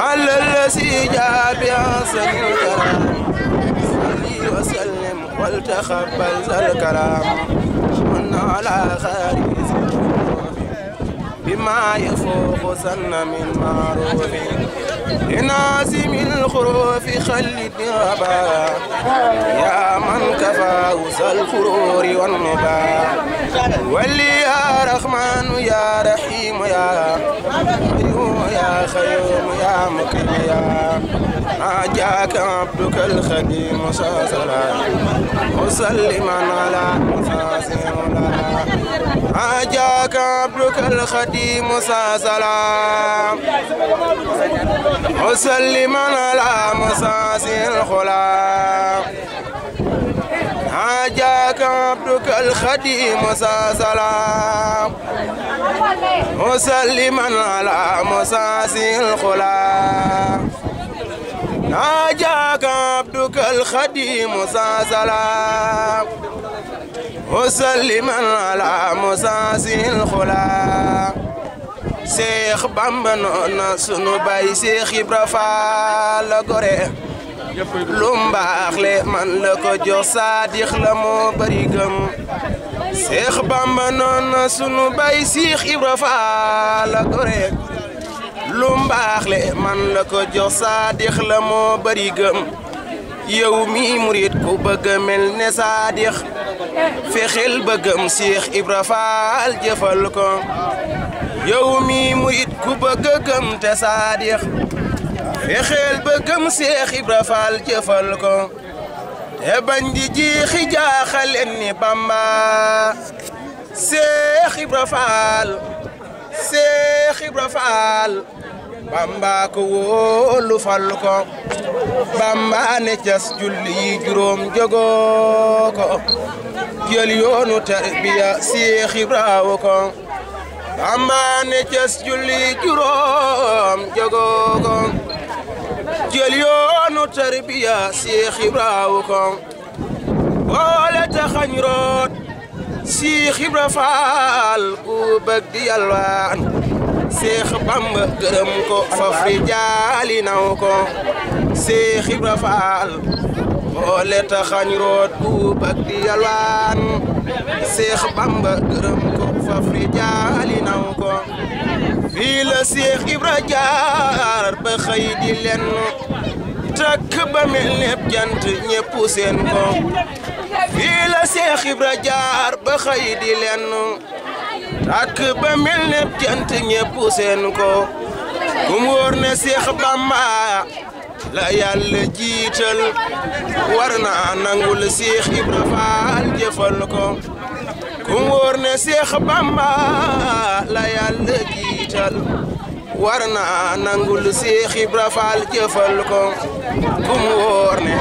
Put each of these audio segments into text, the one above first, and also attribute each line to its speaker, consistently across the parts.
Speaker 1: على
Speaker 2: الذي جاء بأحسن الكلام صلي وسلم ولتقبل ذا الكلام من على خير بما يفوق سن من معروف لنازم الخروف خلدني ربا يا من كفى وسى الخرور والنبا ولي يا رحمن يا رحيم يا يا خيوم يا مكرم يا عجاك عبدك الخديم ساسلا مسلما على مساسلا عجاك عبدك الخديم ساسلا مسلما على مساس الخلا ناجاك عبدك الخديم ساسلا مسلما على مساس الخلا ناجاك عبدك الخديم صلى سلام وسلما على مساسي الخلا شيخ بامبا نونا سنو باي شيخ ابرا فال غوري lu mbaax le la ko jox saadix la moo Seex Bamba noon sunu bay Seex Ibra Faal la lu mbaax le man la ko jox saadix la moo bari gëm yow mi murit ku bëgg mel ne saadix fexeel bëggam Seex Ibra Faal jëfal ko yow mi murit ku bëgg gëm te saadix fexeel bëggam Seex Ibra Faal jëfal ko te bañ di jiixi jaaxaleen ni Bamba Seex ibrafal Faal ibrafal bamba ko wóolu fal ko bamba ne cas juróom jogoo ko jël yoonu tarbiya ko bamba ne cas juróom jogoo ko jël yoonu tarbiya ko boole taxañ root Seex Ibra Faal ku bëgg di yalwaan Seex Bamba gërëm ko faf rijaali naw ko Seex Ibra Faal boole taxañ root buub di yalwaan Seex Bamba gërëm ko faf rijaali naw ko fii Seex Ibra jaar ba xëy di leen takk ba mel nepp jant ko fii Seex Ibra jaar ba xëy di leen rakk ba mel ne jant ñépp ko kum wóor ne Seex Bamba
Speaker 1: la yàlla jiital war na nangul Seex
Speaker 2: Ibra Faal jëfal ko kum wóor ne Seex Bamba la yàlla jiital war na nangul Seex Ibra Faal jëfal ko kum wóor ne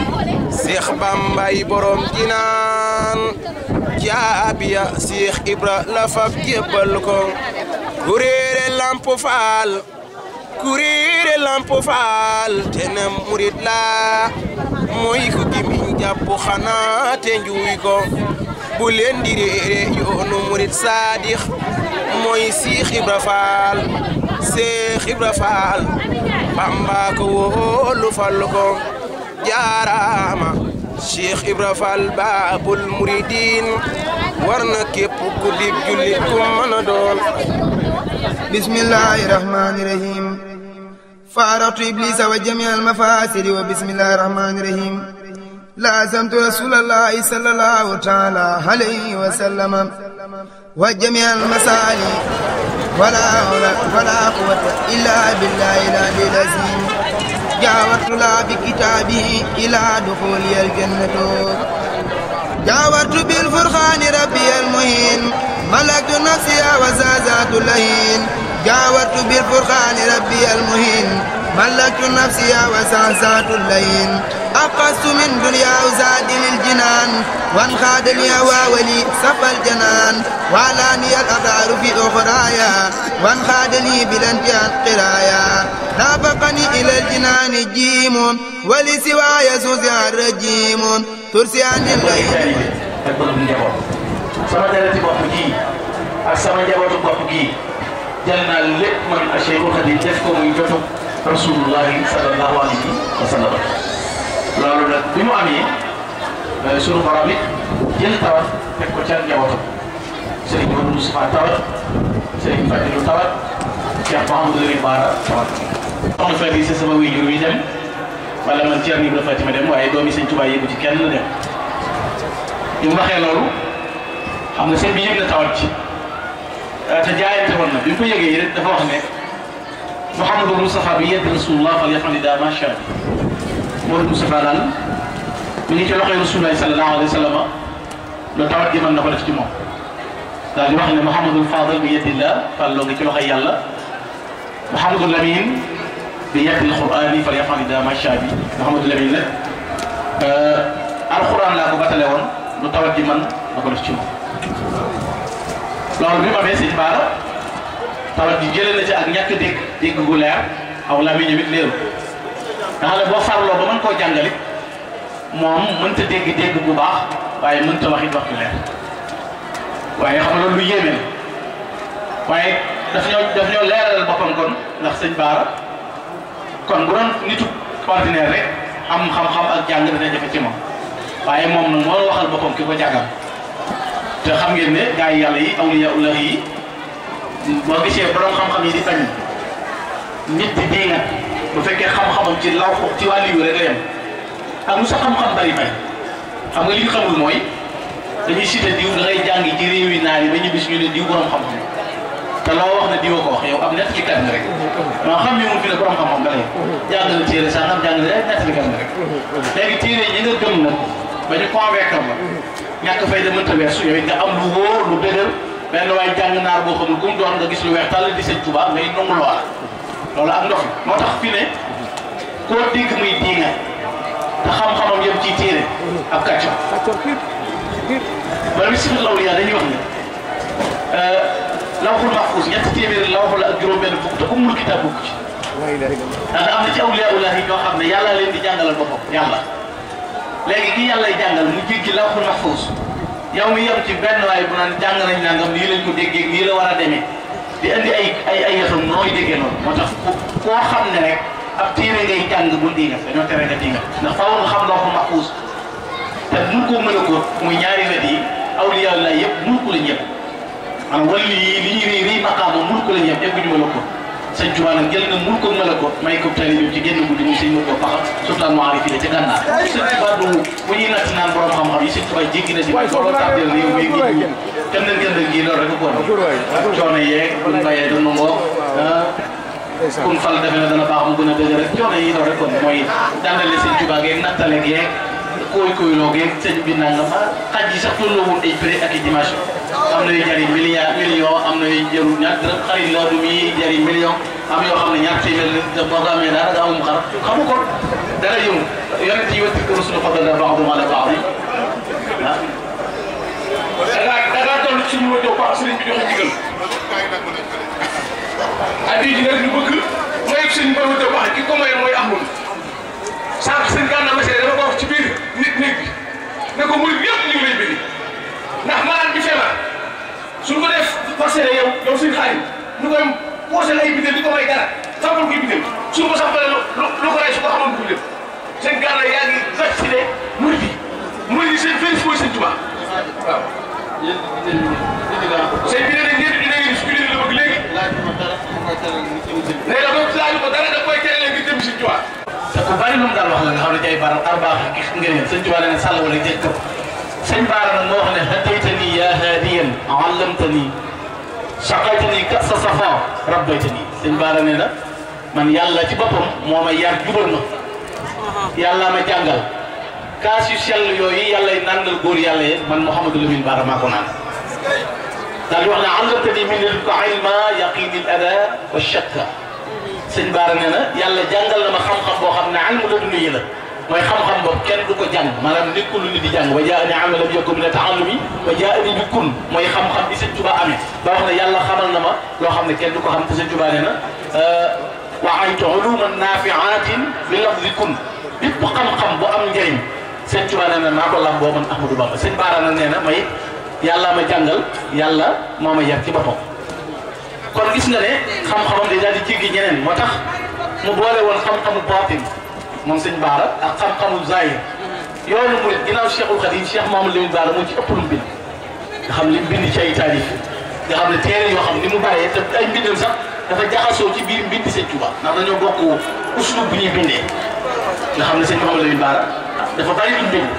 Speaker 2: Seex Bambay borom jinaan jaabiya Seex Ibra la fab jébbal ko kuréere Lamp Faal kuréere Lamp Faal te ne murit laa mooy ku gimiñ jàpp xanaa te njuuy ko bu leen di réere yoonu murit saadix mooy Seex Ibra Faal Seex Ibra Faal Bamba ko wóolu fal jaaraama شيخ إبراف الباب المريدين ورنا كيب كليب كليب كمان دول بسم الله الرحمن الرحيم فارط إبليس وجميع المفاسد وبسم الله الرحمن الرحيم لازمت رسول الله صلى الله تعالى عليه وسلم وجميع المسالي ولا ولا قوة إلا بالله إلا بالعزيم جاورت لا بكتابه إلى دخولي الجنة جاورت بالفرخان ربي المهين ملكت نفسي وزازات اللهين جاورت بالفرخان ربي المهين ملكت نفسي وساسات اللين أقصت من دنيا وزاد للجنان وانخاد الهوى ولي صف الجنان وعلاني الأثار في أخرايا وانخاد لي بالانتهاء القرايا نافقني إلى الجنان جيم ولسواي سوزها الرجيم ترسي عن الليل sama dereti bopp gi
Speaker 3: ak sama njabootu bopp gi jël naa lépp man a Cheikhul rasulullahi sallallahu alayhi wa sallam loolu nag bi mu amee euh, sunu borom it jël tawat teg ko ca njabootam Serigne Modou Moustapha tawat Serigne Fadilou tawat Cheikh Mouhamadou Lamine Bara tawat. soxna Fadi si sama wii jur wi dem wala man Thierno Ibrahima Fatima dem waaye doomi Sëñ Tuubaa yëgu ci kenn dem bi mu waxee loolu xam nga sëñ bi yëg na tawat ci euh, te jaayante woon bi mu ko yëgee rek wax ne. محمد المصطفى بيد رسول الله صلى الله عليه وسلم مول المصطفى من يجي لقي رسول الله صلى الله عليه وسلم لو تاوت جي من نكو ديف موم دال واخ محمد الفاضل بيد الله فالو ني لقي الله محمد الامين بيد القران فليفعل إذا ما شاء محمد الامين آه، القران لا كو باتالي وون لو تاوت جي من نكو ديف موم لول بيما بيسي بارا tawat ji jëlee na ci ak ñàkk dégg dégg gu leer aw làmmiñam it leeru nga boo farloo ba mën koo jàngalit moom mënta dégg dégg bu baax waaye mënta waxit wax ju leer waaye xam loolu lu yéeme waaye daf ñoo daf ñoo leeralal boppam kon ndax sëñ Baara kon bu doon nitu ordinaire rek am xam-xam ak jàng dina jafe ci moom waaye moom nag moo waxal boppam ki ko jàngal te xam ngeen ne gaa yi yi awliya ullahi yi boo gisee borom xam-xam yi di bañ nit di diingat bu fekkee xam-xamam ci law ci wàllu yu rek la yem ak lu sa xam-xam bari bay xam nga li ñu xamul mooy dañuy cité diw da ngay jàngi ci réew yi yi ba ñu bis ñu ne diw borom xam-xam te loo wax ne diwa ko wax yow am nett ci kat nga rek maa xam ne moom fi ne borom xam-xam nga lay jàng na téere jàng na nett li kat nga rek léegi téere ñi nga gëm nag ba ñu convaincre la ñàkk fay da yooyu nga am lu wóor lu dëgër benn waaye jàng naar boo xam ne bu mu doon nga gis lu weex tàll di sëñ Tuubaa ngay nangu loola loolu ak ndox moo tax fi ne koo dégg muy diinga te xam-xamam yëpp ciy téere ak kàcco bala mi sifil lawliyaa dañuy wax ne euh, lawxul mahfuus ñetti téeméeri lawxu la ak juróom-benn fukk te ummul kitaab bokk ci
Speaker 2: ndax
Speaker 3: am na ci awliyaa ulaahi ñoo xam ne yàlla leen di jàngalal boppam yàlla léegi gi yàlla jàngal mu jéggi yow mi yem ci benn waaye bu naan jàng nañ nangam nii lañ ko déggee nii la war a demee di andi ay ay ay yëfam nooy noonu moo tax koo xam ne rek ab téere ngay jàng bu diinga dañoo tere nga diinga ndax faaw nga xam loo ko maquus te mun ko mën a góor muy ñaari wet yi awliyaa yàlla yëpp mun ko la ñëpp maanaam wàllu yi li ñuy réy réy maqaama mun ko la ñëpp egguñu ma la sëñ Tuubaa nag jël na mul ko mala ko may ko taalibe ci génn guddi mu sëñ mul ko paxal sultaan mu aarifi la ca gànnaar sëñ Tuubaa du bu ñuy natt naan borom xam-xam yi sëñ Tuubaa jéggi na ci loolu tax del réew mi ngi kenn dañ kenn dañ kii loolu rek ko woon coono yeeg duñ bàyyee duñ ngoo ah, kun fal defe na dana baax mu gën a dëgg rek coono yi loolu rek kon mooy dandale sëñ Tuubaa geeg nattale geeg kooy kooy loogeeg sëñ bi nangam ba ah, xaj yi sax tolloo woon ay prix ak i dimension am na yu jariñ milliard million am na yu jarul ñaar dërëm xarit la du muy jariñ million am yoo xam ne ñaar téeméer la boo ko amee daal da amum xar xamu ko dara yëngu yonent yi wetti ko suñu xol la baax du ma la baax
Speaker 1: bi ah. dangaa dangaa toll suñu wëddoo ko sëriñ bi joxe ndigal addi ji nag ñu bëgg may suñu mbéyum de wax ki ko may mooy amul. ne ko murid yëpp ñu ngi lay bëgg ndax malade bi feebar suñ ko def
Speaker 3: vacciné yow yow suñu xaar ñu koy poosé ay bitéel di ko may dara sampal koy bitéel suñ ko sampalee lu ko rey su ko xamoon du ko def seen gàll yaa ngi vacciné murid yi murid yi seen félicité mooy seen tubaab waaw. yéen bitéel yi ko seen bitéel yi ñeenti dinañ gis bitéel la bëgg léegi. laaj ko dara da koy terale ngir jëm si tubaab. te ku bari lu mu daal wax la nga xam ne jaay baara arbaax ak ngëneel sëñ Tuubaa nee na sàll wala jëkk sëñ baara nag moo wax ne hadaytani ya haadiyan allamtani saqaytani kasa safa rabbaytani sëñ baara nee na man yàlla ci boppam moo ma yar jubal ma yàlla ma jàngal kaas yu sell yooyu yàllay nàndal góor yàlla ye man Mouhamadou Lamine Bara maa ko naan daal di wax ne allamtani min ko ilma yaqin al ada wa shakka sëñ baara nee na yàlla jàngal na ma xam ne almu ladunni la mooy xam-xam boobu kenn du ko jàng maanaam nekkul lu nit di jàng ba jaa ni am lam yokku mi ne taallumi ba jaa ni bi kun mooy xam-xam bi sëñ Tuba amee ba wax ne yàlla xamal na ma loo xam ne kenn du ko xam te sëñ Tuba nee na euh, wa aytu uluman nafiatin li lafdi kun bépp xam-xam bu am njëriñ sëñ Tuba nee na maa ko lam boo man Ahmadou Bamba sëñ Baara na nee na may yàlla ma jàngal yàlla moo ma yar ci boppam kon gis nga ne xam-xamam day daal di jéggi ñeneen moo tax mu boole woon xam-xamu baatin moom sëñ Baara ak xam-xamu Zahir yoonu muy ginnaaw Cheikhul Khadim Cheikh Mamadou Lamine Baara moo ci ëpp lu bind nga xam li bind ci ay taalif nga xam ne téere yoo xam ni mu bëree te ay mbindam sax dafa jaxasoo ci biir mbind sëñ Touba ndax dañoo bokk uslub bu ñuy bindee nga xam ne sëñ Mamadou Lamine Baara dafa bari luñ bind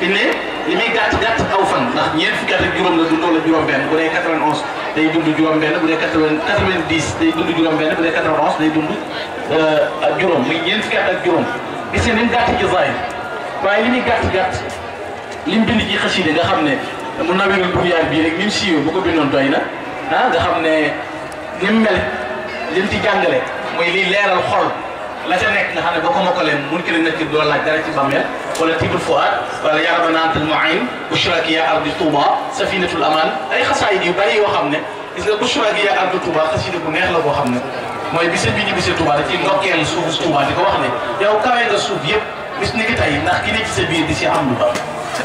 Speaker 3: bind li muy gàtt gàtt aw fan ndax ñeent fukki at ak juróom la dundoo la juróom-benn bu dee 91 day dund juróom-benn bu dee 90 day dund juróom-benn bu dee 91 day dund euh, ak juróom muy ñeent fukki at ak juróom gis nga ni mu gàtt ci zaay waaye li muy gàtt gàtt li mu bind ci xasida nga xam ne mu nawirul buriyaar bii rek ni mu siiwee bu ko bindoon doy na ah nga xam ne ni mu mel li mu ci jàngale mooy liy leeral xol la ca nekk nga xam ne boo ko mokkalee mun ki la nekk doo laaj dara ci bàmmeel ولطيف الفؤاد wala yarama naan al mu'in bushra ki yaa ardi Touba safinatul aman ay xasaayid yu bëri yoo xam ne gis nga bushra ki yaa ardi Touba xasida bu neex la boo xam ne mooy bise bi ñu bise Touba da ci ndokkeel suufu Touba di ko wax ne yow kawe nga suuf yëpp bis ni ki tey ndax ki ne ci sa biir di si am lu ba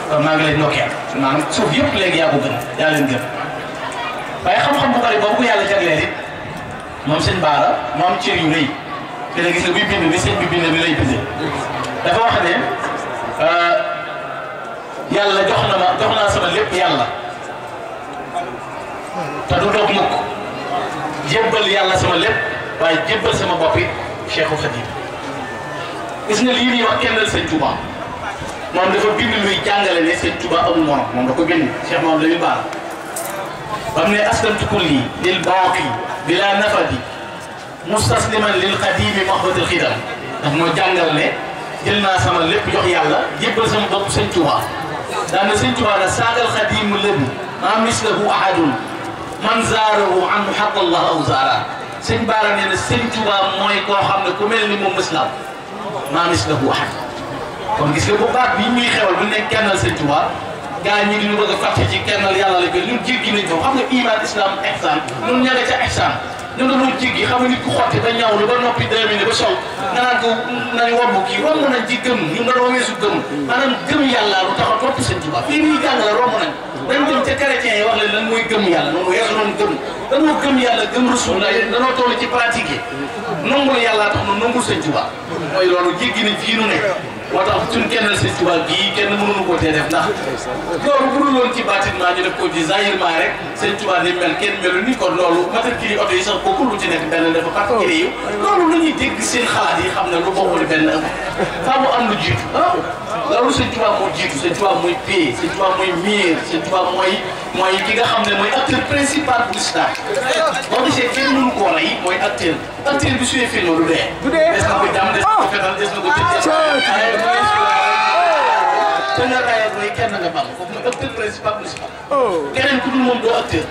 Speaker 3: kon maa ngi lay ndokkeel maanaam suuf yëpp léegi yaa ko gën yaa leen gën waaye xam-xam bu bëri boobu ko yàlla jagleel it moom sëñ Baara moom cër yu rëy dina gis ne buy bind ni sëñ bi bind ni lay bindee dafa wax ne Euh, yàlla jox na ma jox naa sama lépp yàlla te du doog mukk jébbal yàlla sama lépp waaye jébbal sama bopp it Cheikhul Khadim gis nga lii nii wax kennal sëñ Touba moom dafa bind luy jàngale ne sëñ Touba amul morom moom da ko bind Cheikh moom dañuy baal ba mu ne aslamtu kulli lil baaqi bila nafadi mustasliman lil qadimi mahbatil xidam daf moo jàngal ne. جلنا سما لب جو يالا جيب سما بوب سن توا دان سن توا رسال القديم لب ما مثله احد من زاره عن حق الله او زاره سن بارا ني سن توا موي كو خامني كو ملني مو مسلم ما مثله احد كون غيس كو بوبا بي مي خيول بو نيك كانال سن توا جا ني لي بوغ فاتي كانال يالا لي نون جيجي نيو خامني ايمان اسلام احسان نون نيا لا احسان ñun dañoo jéggi xam nga nit ku xotti ba ñaw lu ba noppi dërëm ni ba sow nga naan ko nañ womb kii romb nañ ci gëm ñun dañoo weesu gëm maanaam gëm yàlla lu tax a topp sëñ Tuubaa fii nii jàng la romb nañ dañ dem ca chrétien yi wax leen lan mooy gëm yàlla moom weesu noonu gëm dañoo gëm yàlla gëm Rasulullah dañoo toll ci pratique yi nangul yàlla tax nu nangul sëñ Tuubaa mooy loolu jéggi nañ fii ne nekk moo tun suñ ci Sëñ Tuubaa gii kenn mënuñu ko tee def ndax lolu bu dul woon ci ma ñu def ko di zahir ma rek Sëñ Tuubaa ni mel kenn melu ni kon loolu matricule auto yi sax ko bokkul lu ci nekk benn dafa particulier yu lolu lu ñuy dégg seen xalaat yi xamna lu bokku ben fa mu am lu jiitu loolu sëñ Tuubaa moo jiitu sëñ Tuubaa mooy paix sëñ Tuubaa mooy miir sëñ Tuubaa mooy mooy ki nga xam ne mooy acteur principal bu l'islam boo gisee muito mënu koo rey mooy acteur acteur bi suyee film du dee des na ko jàmm des na ko fetal des na ko te nga rayal mooy kenn nga bal kooku mooy acteur principal bu l'islam keneen ku dul moom doo acteur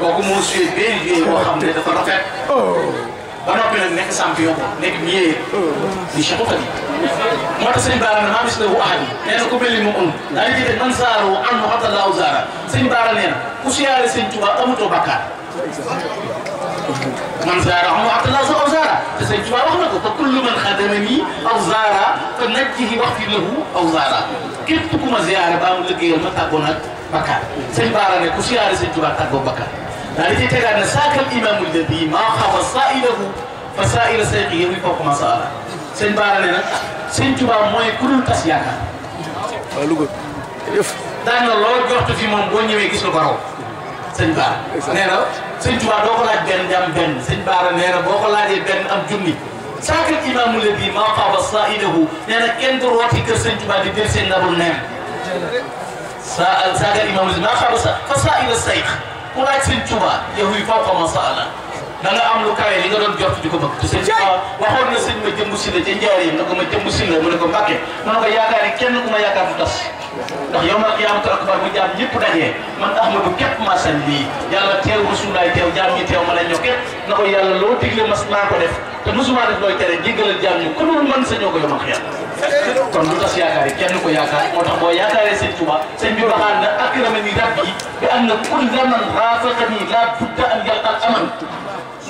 Speaker 3: kooku moo suyee benn liggéey boo xam ne dafa rafet wano pila nekk champion ko nekk mieux di chako fadi
Speaker 1: moo
Speaker 3: tax sëñ baara ne maa mislahu ahadi nee na ku mel ni mu un daal di man saaru anhu hatta laaw zaara sëñ baara nee na ku siyaare sëñ tuba amutoo bakkaar man زاره وقت الله أو زاره فسيجوا وقتك فكل من خدمني أو زاره فنجه وقتي له أو زاره كيف تكون زيارة بام لقيل ما تكونت بكار سيبارة نكوسي على سيجوا تكون بكار ذلك ترى نساك الإمام الذي ما خاف سائله فسائل سيقه وفوق ما سأل سن بارنا سن تبا موي كل تسيانا دان الله جوخت في من بني نيوي غيس لو بارو سن بار نينا سن تبا دوكو لاج بن جام بن سن بار نينا بوكو لاجي بن ام جمي ساك الإمام الذي ما خاف سائله نينا كين دو روتي تبا دي دير سن نابو نيم سأل ساك الإمام الذي ما خاف فسائل سيقه ku laaj sëñ Tuubaa yow yi foo commencé ala da nga am lu kawe li nga doon jot di ko bëgg te sëñ Tuubaa waxoon ma jëmb si la ca njaareem ko ma jëmb si ko Mbàkke mu ne kenn ku ma yaakaar bu tas ndax yow ma yaa am trak bar bu jaam ñëpp dajee man Ahmadu képp maa sañ lii yàlla teew rasulaay teew jaam ñi ma la ñoo na ko yàlla loo digle mas naa ko def ku dul man sañoo ko yomal xiyam kon lu tas yaakaar yi kenn ko yaakaar moo tax boo yaakaaree sëñ Tuba sëñ bi waxaan na ak na ma ni rab yi bi am na kul zaman raafaqani laa budda an yaqal aman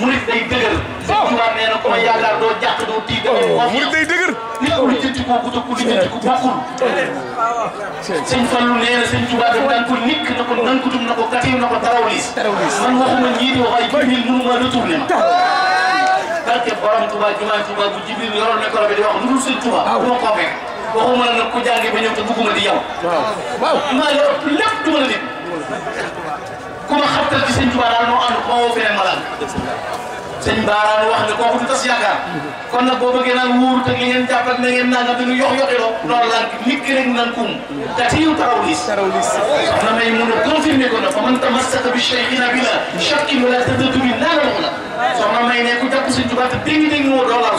Speaker 3: murit day dëgër sëñ Tuba nee na ku ma yaakaar doo jàq doo tii doo murit
Speaker 1: day dëgër nit ku lijjanti ko ku ku lijjanti ko bokkul
Speaker 3: sëñ Fallu nee na sëñ Tuba daf daan ko nikk na ko nankutum na ko katiw na ko tarawlis man waxuma ñii di wax ay junil mënuma retourné ma barke borom Touba jumaay Touba bu Jibril yoroon micro bi di wax lu dul sëñ Touba. waaw du ma convaincre. waxuma la nag ku jàngee ba ñëw te bëgguma di yow. waaw waaw maa la ëpp lépp du ma la nit. ku ma xabtal ci sëñ Touba daal moo ànd ku ma woo feneen ma laal. sëñ baaraan wax ne kooku du tas yaakaar kon nag boo bëggee naan wóoru teg li ngeen jàpp ak na ngeen naan dañu yox yoxiloo loolu laan ki rek nan kum tatiyu tarawlis tarawlis soxna may mun a confirmé ko na fa man tamassaka bi cheikhina bi la chakki mu la tëddatu bi naana wax la soxna may ne ku jàpp sëñ Tuubaa te dégg dégg moo doo laal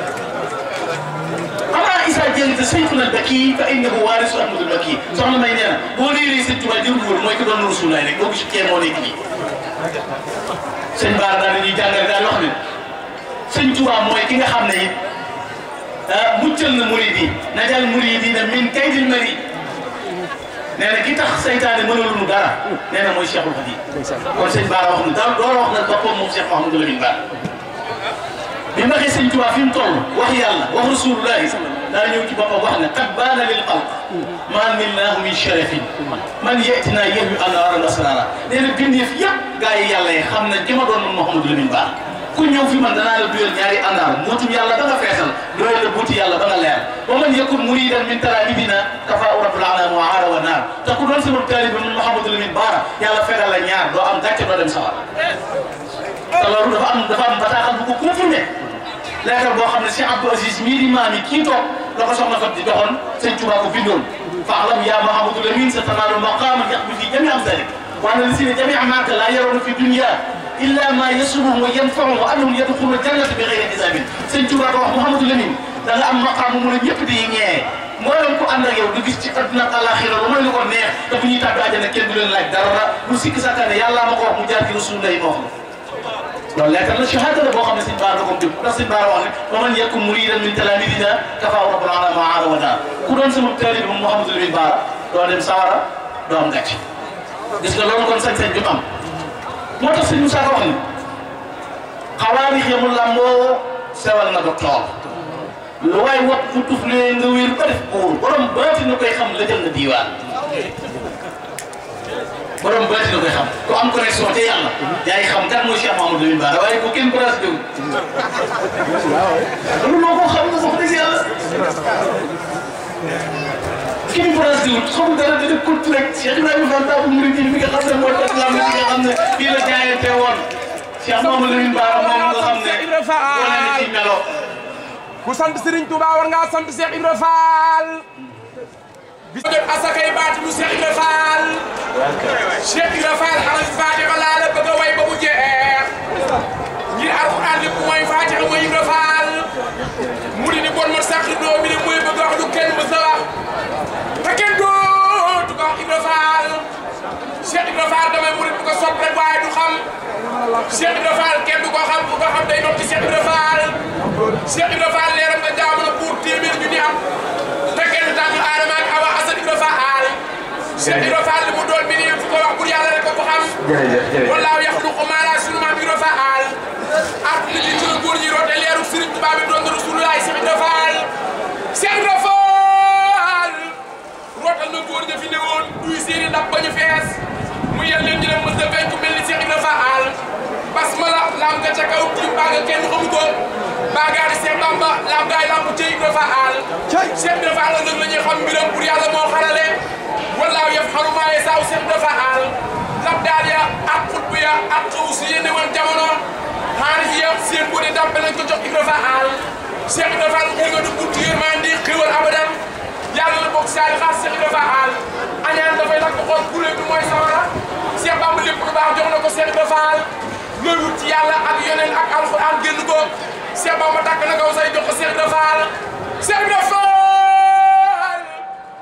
Speaker 3: يعني تسميتنا الذكي فإنه وارث أحمد الذكي سبحان ما ينام بولي ليس تبادل نور ما يكبر نور سلالة لو بيش كيان مولي كلي سن باردان يجي جانا جدا لخن سن توا موي كنا خامنئي آه، مجل المريدي نجال المريدي من كيد المري نحن كنت سيطان مولو المدارة نحن موي شيخ الحديد ورسن بار وخن دور وخن البقوم موسيقى محمد الله من بار بما خي سن توا فيم طول وحي الله وخرسول الله صلى الله عليه وسلم لأن يجب أن تبان للقلب ما من الله من شرف من يأتنا يهو أن أرى نصرانا لأن بني في يب غاية يالله خمنا جمع دون محمد لمن بار كن يوفي من دنا البيل ياري أنا موتي يالله دنا فيصل دوي البوتي يالله دنا لير ومن يكون مريدا من ترى مدينة كفا أورف العنا وعارة ونار تكون رأس مبتالي بن محمد لمن بار يالله فيرا لنيار دعام دكتور دم سوا تلارو دفعن دفعن بتاعك بكو كوفي lettre boo xam ne si Abdou Aziz mii di maam yi kii toog la ko soxna Fatou di doxoon sëñ Touba ko bindoon
Speaker 1: fa alam sa tanaalu maqaaman yaxmi
Speaker 3: fi jami am zalik wa anna lazina jami maaka laa yarawna fi dunya illa ma yasuruhum wa yanfahum wa annahum yadxuluna jannata bi xayri hisabin sëñ Touba wax Mouhamadou Lamine da nga am maqaam mu ne ñëpp di ñee mboolem ku ànd ak yow du gis neex te bu ñuy tàbbi àjjana kenn du leen laaj dara lu sikki sàkkaane ma ko لولا كان الشهادة ده بوقا مسين بار بكم دم نسين بار وانا ومن يكن مريدا من تلاميذنا كفى رب العالمين ما عار ودا كودون سمو تالي بم محمد بن بار دو دم سوارا دو am gàcc gis nga loolu kon sañ-sañ bi am moo tax sëñ Moussa ko wax ni xawaari xemu làmboo sewal na docteur lu waay wat mu tuf ne nga wér ba def buur borom baati na koy xam la jël na diiwaan borom baati la koy xam ku am connexion te yàlla yaay xam kan mooy Cheikh Mamadou Lamine Bara waaye bu kenn brasse déglu mënuloo ko xam nga wax dëgg yàlla kenn brasse déglu xam dara da def kott rek Cheikh Ibrahima Fall Babu Mourideen mi nga xam ne mooy islam bi nga xam ne fii la jaayante woon Cheikh Mamadou Lamine Bara moom nga xam ne wane na ci melo
Speaker 1: ku sant Serigne Touba war ngaa sant Cheikh Ibrahima Fall bis def asakay baati mu Cheikh Ibra Fall Cheikh Ibra Fall xalas faatixa laa la bëgg a way ba mu jeex ngir alquran lépp mooy faatixa mooy Ibra Fall mu di ni bon ma sàq doo bi ne mooy bëgg wax lu kenn mës a wax te kenn dootu ko wax Ibra Fall Cheikh Ibra Fall damay murit bu ko sopp rek waaye du xam Cheikh Ibra Fall kenn du ko xam bu ko xam day doon ci Cheikh Ibra Fall Cheikh Ibra Fall leeram nga jaamu na pour téeméer ñu ni am te kenn tànn dafa
Speaker 2: aal. Cheikh Ibra Fall
Speaker 1: li mu doon bi nii fu ko wax bur yàlla rek ko xam. jërëjëf jërëjëf wallaahu yaxluqu maa laa sunu maam Ibra Fall. at li ci turu góor ñi roote leeru Serigne Touba bi doon Rasulullah Cheikh Ibra Fall. Cheikh Ibra Fall rootal na góor ña fi newoon duy seeni ndab ba ñu fees mu yal leen ñu ne mos a fekk mel ni baagaari seen bamba lam gaay lamb ci Ibra Faal seen Ibra Faal la ñuy xam mbiram pour yàlla moo xarale wallaaw yëf xarumaaye saaw seen Ibra Faal lab daal ya ak xutbu ya ak xuus yéen woon jamono xaalis ya seen bu dee dàmpe lañ ko jox Ibra Faal seen Ibra Faal xëy nga du gudd yërmaan di xéwal abadan yàlla la bokk saay xaas seen Ibra Faal añaan dafay lakk xool kuréel du mooy sawara seen bamba lépp lu baax jox na ko seen Ibra Faal looy wut ci yàlla ak yoneen ak alxuraan génn ko Cheikh Bamba tàkk na kaw say jox ko Cheikh Ibra Fall Cheikh Ibra Fall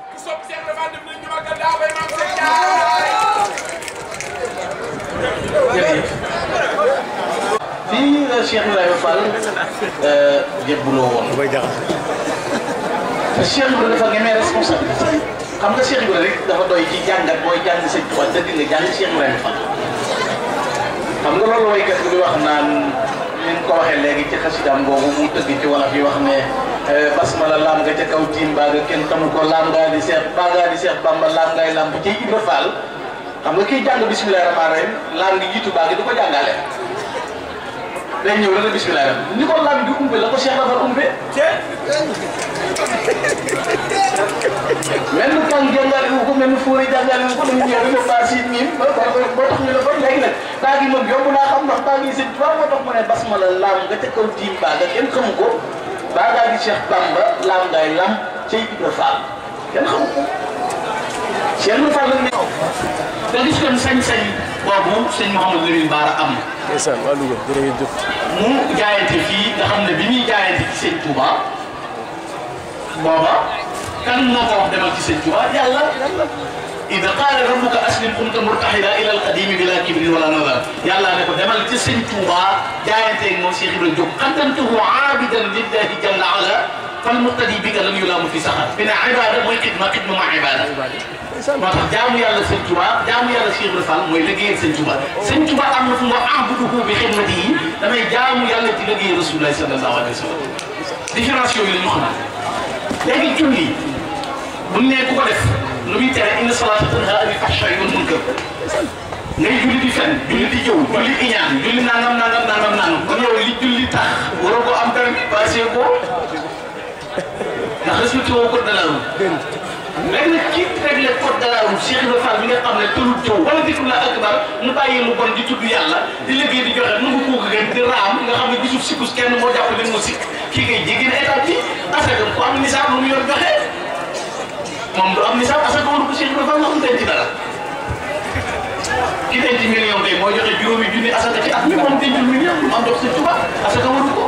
Speaker 1: ku sopp Cheikh Ibra Fall def nañ ñu màggal daa bay maam Cheikh
Speaker 3: Ndiaye. fii la Cheikh Ibrahima Fall euh, jébbuloo woon. te Cheikh Ibrahima dafa ñemee responsabilité xam nga Cheikh Ibrahima rek dafa doy ci jàngat booy jàng sëñ Tuubaa dëgg nga jàng Cheikh Ibrahima Fall xam nga loolu mooy kat bi wax naan. ni mu ko waxee léegi ci xasidaam boobu mu tëgg ci wolof yi wax ne eh, basmala laam nga ca kaw tiim baa nga kenn tamu ko laam ngaa di seex baa ngaa di seex laam ngay lamb ci Ibra Faal xam nga kiy jàng bismillahi a rahim laam ngi jiitu baa ngi du ko jàngale day ñëw rek bismillahi rahmaani ni ko laam di umbe la ko seex dafar umbe même kañ jàngal wu ko même fuuri jàngal wu ko dañu ñëw rek ba si miim ba boo tax ñu la ba léegi nag baa gi moom yomb naa xam ndax baa gi sëñ Tuubaa moo tax mu ne bas ma la laam nga ca kaw diim baa nga kenn xamu ko baa ngaa di Cheikh Bamba laam ngay lam cay Ibra Fall kenn xamu ko Cheikh Ibra Fall lañ ne te gis kon sañ-sañ boobu sëñ Mouhamadou Lamine Bara am ndeysaan waa Louga jërëjëf jëf mu jaayante fii nga xam ne bi muy jaayante ci sëñ Tuubaa booba كم نفع واحدة ما تسجوها يلا إذا قال ربك أسلم كنت مرتحلا إلى القديم بلا كبر ولا نظر يلا أنا قد ما تسجوها جاية الموسيقى بن جوب قدمته عابدا لله جل وعلا فالمقتدي بك لم يلام في سخط من عبادة مو خدمة خدمة مع عبادة جامو يا الله سنجوا جامو يا الله شيخ رسال مو يلقي سنجوا سنجوا أنا مفهوم أعبده بخدمتي لما جامو يا الله تلقي رسول الله صلى الله عليه وسلم دي شراسيو يلي مخنا لكن كملي bu nee ku ko def lu muy tere inna salaata tanha anil fahshaa'i wal munkar ngay julli di fen julli di jëw julli iñaan julli nangam nangam nangam nangam kon yow li julli tax waroo ko am permis passé ko ndax respecté woo code de la route léegi nag ki réglé code de la route Cheikh Ibrahima Fall bi nga xam ne tëlu jëw wala dikku la akbar mu bàyyi lu bon di tudd yàlla di liggéey di joxe nu nga kooku gën di raam nga xam ne gisub sikkus kenn moo jàpp leen mu sikk kii kay jéggi na état bi parce que ku am nisaab lu mu yor joxe moom du am nisaab parce que moom du ko Cheikh Ibrahima Fall denc dara ki denc million de mooy joxe juróomi junni asaka ci at mi moom dencul million lu am jox Sëñ Tuubaa asaka waru ko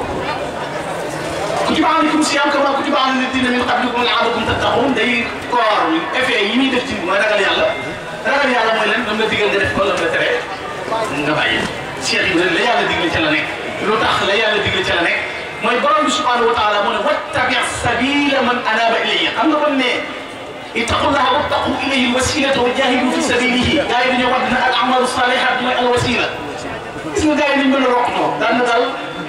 Speaker 3: kutiba alaykum siyaam kamaa kutiba ala lladiina min qablikum la'allakum tattaquun day koor effet yi muy def ci mooy ragal yàlla ragal yàlla mooy lan dam la digal nga def ko lam la tere nga bàyyi Cheikh Ibrahima la yàlla digle ca la nekk lu tax la yàlla digle ca la nekk mooy borom bi subhaanahu wa taala moo ne wattabi sabila man anaaba ilayya xam nga kon ne اتقوا الله واتقوا اليه الوسيله وجاهدوا في سبيله قال ابن وابن الاعمال الصالحات ما الوسيله اسم قال ابن من رحمه لان قال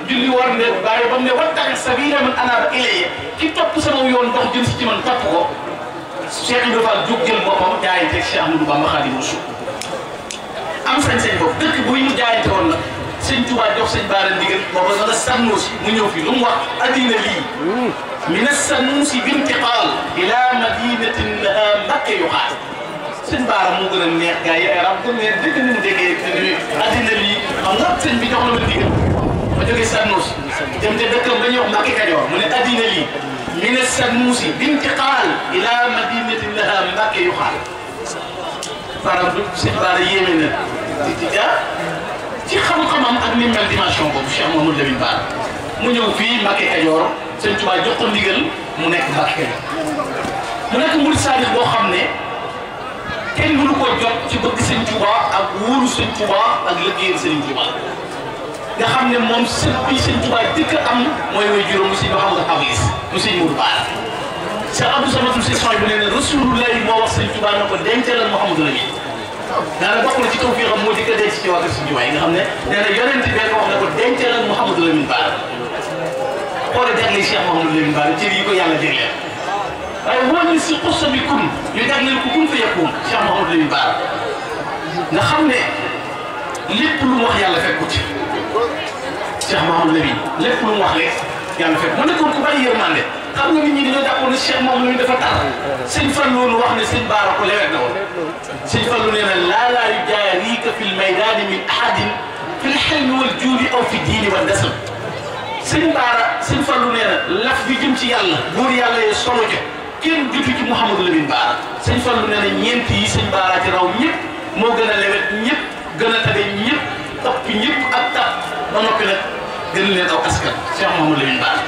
Speaker 3: جلي ورن قال ابن واتق السبيل من انا اليه كي تطب سمو يون دخ جنس كي من تطبو الشيخ ابن فال جوج جل بابام جاي في الشيخ ابن بابام خالي مشو ام فرنسي بوب دك بوي مو جاي تون سين توبا جوخ سين بارن ديغل بابا دا سانوس مو نيو في لوم وا ادينا لي من السنوس بانتقال إلى مدينة لها مكة يقال سن بارا مو غنا نيه غاي اي رب كون نيه ديك نيم ديك تندي ادنا لي ام رب سن بي دوخ من ديك ما جوغي سنوس دم دي دكم بني يوم مكة كاجور من ادي لي من السنوس بانتقال إلى مدينة لها مكة يقال بارا سن بارا يمنا تيجا تي خم خم ام ادنا من ديماشيون بو شامو نول لبيب بار مو نيو في مكة كاجور sëñ Tuubaa jox ko ndigal mu nekk Mbàkke Kajoor mu nekk murid saadiq boo xam ne kenn mënu ko jot ci bëgg sëñ Tuubaa ak wóolu sëñ Tuubaa ak liggéeyal sëñ Tuubaa nga xam ne moom sëñ bi sëñ Tuubaa dëkk am mooy way juróom mu sëñ Mahamadou Ablis mu sëñ Mourou Baara Cheikh Abdou Samad si soñ bi nee na Rasulullahi moo wax sëñ Tuubaa na ko denceelal Mouhamadou Lamine daanaka bokk na ci tawfiixam moo di ko denc ci waa kër sëñ Tuubaa yi nga xam ne nee na yonent bi ko wax na ko denceelal Mouhamadou Lamine Baara war a jagleel Cheikh Mouhamadou Lamine Bara cër yi ko yàlla jagleel waaye wóor na si xusa bi kum ñu jagleel ko kum fa yekkum Cheikh Mouhamadou Lamine Bara nga xam ne lépp lu mu wax yàlla fekku ci Cheikh Mouhamadou Lamine lépp lu mu wax rek yàlla fekk mu nekkoon ku bari yërmande xam nga nit ñi dañoo jàppoon ne Cheikh Mouhamadou Lamine dafa tar sëñ Fallou lu wax ne sëñ Bara ko lewet na woon sëñ Fallou nee na laa laa yujaarika fil maydaani min ahadin fil xelmi wal juudi aw fi diini wa nasab sëñ Baara sëñ Fallu nee na laf bi jëm ci yàlla góor yàlla yee solo ca kenn jutu ci Mouhamadou Lamine Baara sëñ Fallu nee na ñeent yi sëñ Baara ci raw ñëpp moo gën a lewet ñëpp gën a tabe ñëpp topp ñëpp ak tap ba noppi nag gën leen aw askan Cheikh Mouhamadou Lamine Baara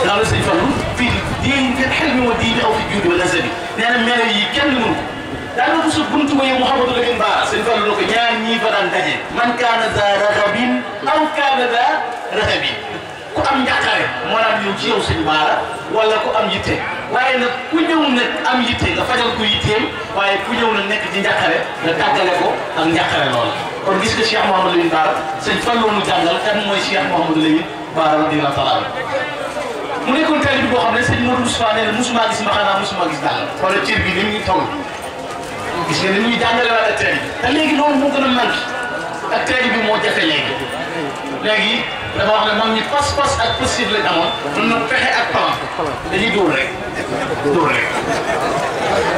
Speaker 3: ndax la sëñ Fallu fii dii ngeen xel mi ma dii bi aw fi juudi wala sabi nee na melo yi kenn mënu ko daana ko sa buntu waye Mouhamadou Lamine Baara sëñ Fallu na ko ñaar ñii fa daan daje man kaana daa raxabin aw kaana daa raxabin am njàqare moo daan ñëw ci yow sëñ Baara wala ku am yitte waaye nag ku ñëw nag am yitte nga fajal ko yitteem waaye ku ñëw nag nekk ci njàqare nga tàggale ko ak njàqare lool kon gis nga Cheikh Mouhamadou Lamine Baara sëñ Fallou mu jàngal kan mooy Cheikh Mouhamadou Lamine Baara radiyallaahu taala mu nekkoon tali bi boo xam ne sëñ Modou Moustapha nee na musuma gis mbaxana musuma gis dàll wala cër bi ni muy toll gis nga ni muy jàngale wala teel te léegi loolu moo gën a manqué ak teel bi moo jafe léegi léegi dafa wax ne moom ñi pas-pas ak possible lañ amoon. pexe ak talent. dañuy dóor rek. dóor rek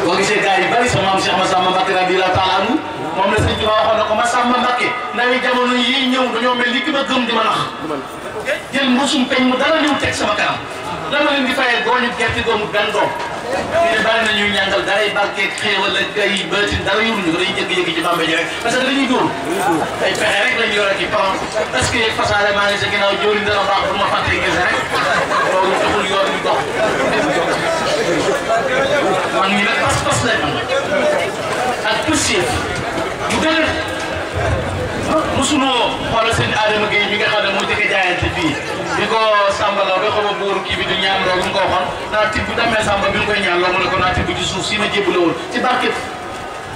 Speaker 3: boo gisee gars yi bari sama maam Cheikh Massamba Mbacké radiyallahu taala anhu moom la sëñ Tuubaa waxoon na ko Massamba Mbacké ndawi jamono yii ñëw dañoo mel li ki ma gëm di ma nax jël mbusum peñ mu dara ñëw teg sama kanam. lan leen di fayee boo ñu gerte googu benn doom ñu ne bari na ñuy ñàngal daray barkeeg xéewal ak ay bëti dara yu ñu ko dañuy jékki-jékki ci bàmba ji rek parce que dañuy góor ay pexe rek lañu yor ak i pawam parce que fasaale maa ngi sa ginnaaw jóori dana baax bu ma fàttee gis rek loolu taxul yoon ñu dox man ñu ne pas-pas lañ ak poussière bu dëgër mosunoo xoolal seen Adama Gueye mi nga xam ne moo jëkk jaayante fii bi ko Samba Laobé xaw ma buur kii bi di ñaan loolu nga ko waxoon naa tibb damee Samba bi ñu koy ñaan mu ne ko naa tibb ci suuf si ma jébbale woon ci barket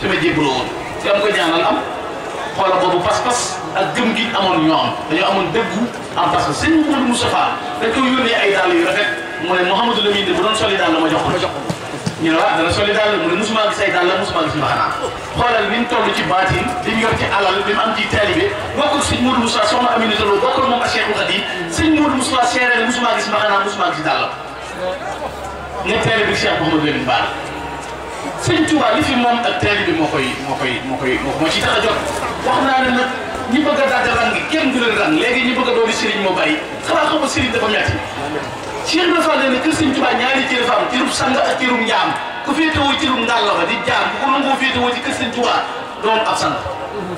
Speaker 3: si ma jébbale woon si am ko ñaanal am xoola boobu pas-pas ak gëm gi amoon a dañoo amoon dëggu am a que sëñ Moudou Moustapha dañ koy yónnee ay dàll yu rafet mu ne Mouhamadou Lamine bu doon soli ma jox ko ma jox ko ñu ne waaw dana soli daal mu ne musuma gis ay daal ci baatin li mu yor ci alal li mu am ci taalibe bokkul sëñ Modou Moussa soxna Aminata Lo bokkul moom ak Cheikh Khady sëñ Modou Moussa seere ne musuma gis mbaxanaa musuma gis daal la ne taalibe Cheikh Mouhamadou Lamine Bara sëñ Touba li fi moom ak taalibe moo koy moo koy moo koy moo ci tax a wax naa ne nag ñi bëgg a dagg rang kenn du leen rang léegi ñi bëgg a doon sëriñ moo bàyyi xanaa Cheikh Ibrahima Fall nee na kër Sëñ Tuubaa ñaari cër fa am cërub sang ak cërub njaam ku féetewoo cërub ngàll ba di jaam ku ko nangoo féetewoo ci kër Sëñ Tuubaa doon ab sant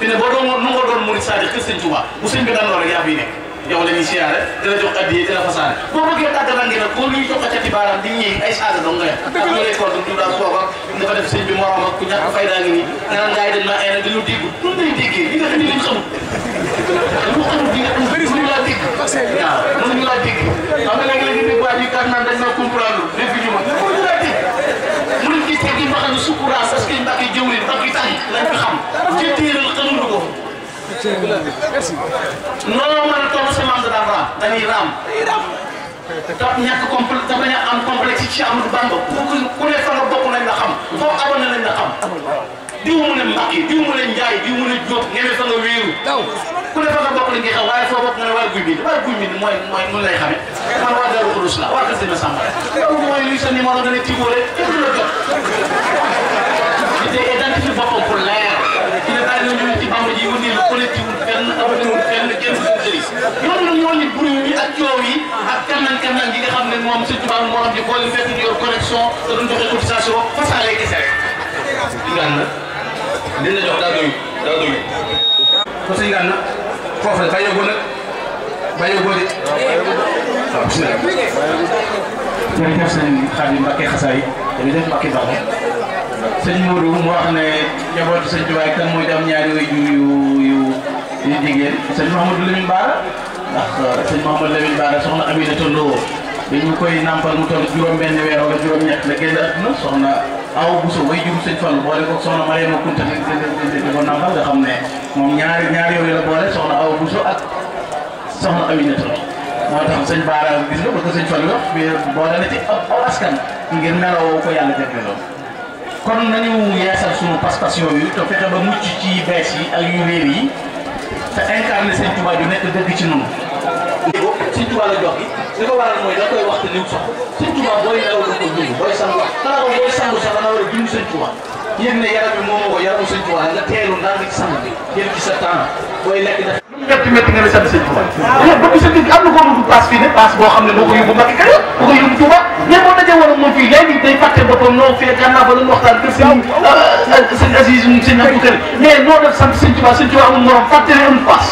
Speaker 3: fi boo doon nangoo doon murid sadiq kër Sëñ Tuubaa bu sëñ bi daan loolu yaa fiy nekk yow la ñuy siyaare dina jox addiya dina fasaane boo bëggee tàgg rangi nag boo luy jox cati baaraam di ñii ay saga dong nga yem ak ñu lay kontu du daal kooka dafa def sëñ bi morom ak ku ñàkk fay daa ngi nii nga naan gars yi dañ maa eena dañu dégg lu lay déggee li nga xam ne liñ xamul lu xamul di nga am mënuñu laa dégg waaw mënuñu laa dégg xam nga léegi léegi dégg waa ji kat naan dañ ma comprendre dégg ñu ma mënuñu laa dégg mënuñ gis te gi mbaxam ne sukuraas parce que mbàkk jëwrin mbàkk tànk lañ fi xam
Speaker 1: looloo
Speaker 3: mën a toog si maam da daan raam dañuy raam. daf ñàkk compl dafa ñàkk am complexe ci Amadou Bamba ku ne fa nga bokk nañ la xam foo ne Mbacke diw mu ne Ndiaye diw ne Diop ñeme fa nga wéeru ku ne fa nga bokk nañ waaye foo nga ne waa guy bi waa guy bi mooy mooy nu lay xamee man waa Darou Khoudoss la waa Kër Sëñ Samba loolu mooy luy sa numéro nga ne Tigo rek la jot daanaka ñu ci bamb ji wut nii lu collectif fenn amatul fenn kenn suñu sëriñ loolu la ñoo ni bruit yi ak coow yi ak kanam kanam gi nga xam ne moom suñu tubaab moo xam ne boo leen fekk di yor connexion te duñ joxe cotisation fasaale kese rek. dingaan na li la jox daa doy daa doy ko sëñ gaan na foofu la bàyyeekoo nag bàyyeekoo de waaw bisimilah. jërëjëf sëñ Xaadim Mbacke Xasaay dama def Mbacke Mbacke. sëñ Modou mu wax ne njabootu sëñ Tuubaa kan moo ci am ñaari way yu yu yu jigéen sëñ Mouhamadou Lamine Bara ndax euh, sëñ Mouhamadou Lamine Bara soxna Aminata Lo bi ñu koy nampal mu toll juróom-benn weer wala juróom-ñett la génn àdduna soxna aw Bousso way juru sëñ Fallu boole ko soxna Mariama Kunta di di di ko nampal nga xam ne moom ñaari ñaari yooyu la boole soxna aw Bousso ak soxna Aminata Lo moo tax sëñ Bara gis nga ba ko sëñ Fallu wax boole na ci aw askan ngir meloo ko yàlla jagleel kon nañu yeesal suñu pas-pas yooyu te fexe ba mucc ci bees yi ak yu réer yi te incarné sëñ Tuubaa ju nekk dëgg ci noonu. sëñ Tuubaa la jox gi li ko waral mooy da koy wax te lim soxla sëñ booy nelaw da ko dund booy sangu xanaa ko booy ne yaram bi moom moo ko yaramu sëñ Tuubaa nga teelu ndànk ci sangu bi jël ci sa temps. booy lekk def. lu mu métti métti nga ne sant sëñ Tuuba. waaw bëgg sa digg am na koo bëgg paas fii ne paas boo xam ne moo ko yóbbu Mbàkke Kajoor moo ko yóbbu Tuuba mais boo dajee woon ak moom fii léegi day fàtte boppam noo fee gànnaaw ba doon waxtaan kër sëñ euh, sëñ Aziz sëñ Abdou Karim mais noo def sant
Speaker 1: sëñ Tuuba sëñ Tuuba amul morom fàtte ne amul paas.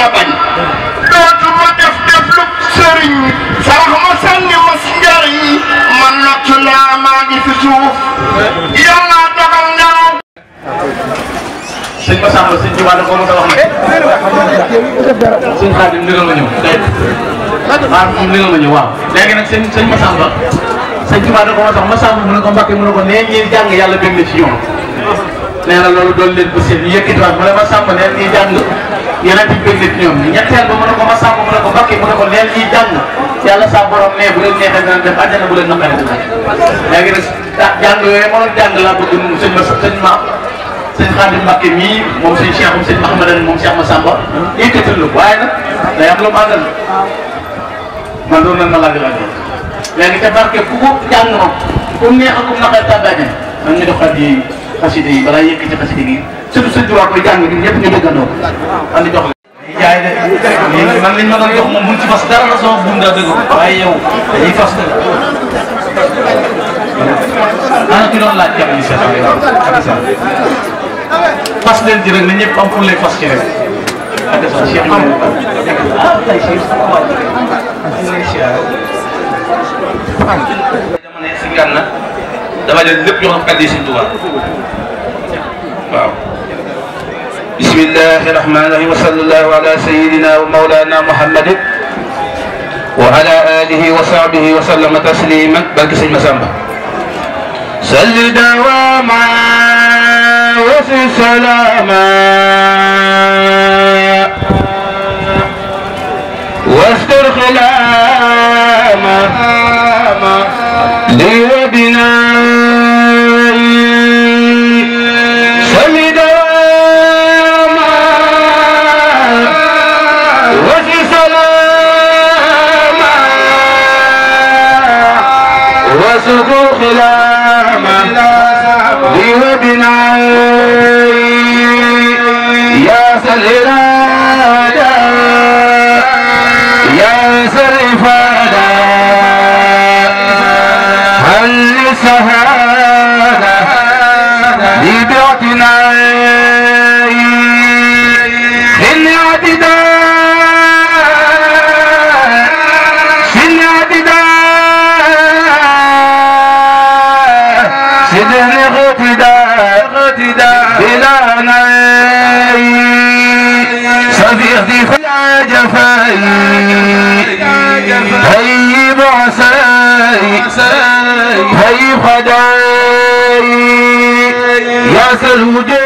Speaker 1: moo bañ doo du ma def def lu sëriñ sarax ma sànni ma si njariñ man nag ci laa maa ngi fi suuf yàlla dogal naa sëñ Massamba sëñ Tuba da ko mos a
Speaker 3: wax nag sëñ Xaadim ndigal ma ñëw dégg waaw moom ndigal ma ñëw waaw léegi nag sëñ sëñ Massamba sëñ Tuba da ko mos a wax Massamba mu ko mu ko ngeen ci yoon leen seen mu ngeen yonent bi bëgg ñoom ñetteel ba mu ne ko ma sàmm mu ne ko bakki mu ko leen ñuy jàng yàlla sa borom ne bu leen neexee dana def àjjana bu leen naqaree dana léegi nag ah jàng yooyu ma doon jàng bëgg mu sëñ ma sëñ ma sëñ Xaadim Mbàkke mii moom sëñ Cheikh moom Mahamadan moom Cheikh Massamba yëkkatal lu waaye nag day am lu man ma ku ko ku man ñu doxal xasida yi balaa yëkk ci xasida yi surtout sëñ Tuubaa koy jàng ñun ñëpp ñu déggandoo andi jox la jaay de man liñ ma doon jox moom buñ ci fas dara la sama buum daa dëgg waaye yow dañuy fas de ana ki doon laaj jàmm yi seen fas leen ci rek na ñëpp am fu lay fas ci rek adesa Cheikh am tay si
Speaker 2: jamono si ngàn na بسم الله الرحمن الرحيم وصلى الله على سيدنا ومولانا محمد وعلى آله وصحبه وسلم تسليما بلك سيد مسامة صل دواما سلاما واستر خلاما ليه الإرادة ينسى الإفادة هل سهل جفاي
Speaker 1: هي بعساي هي يا سلوجي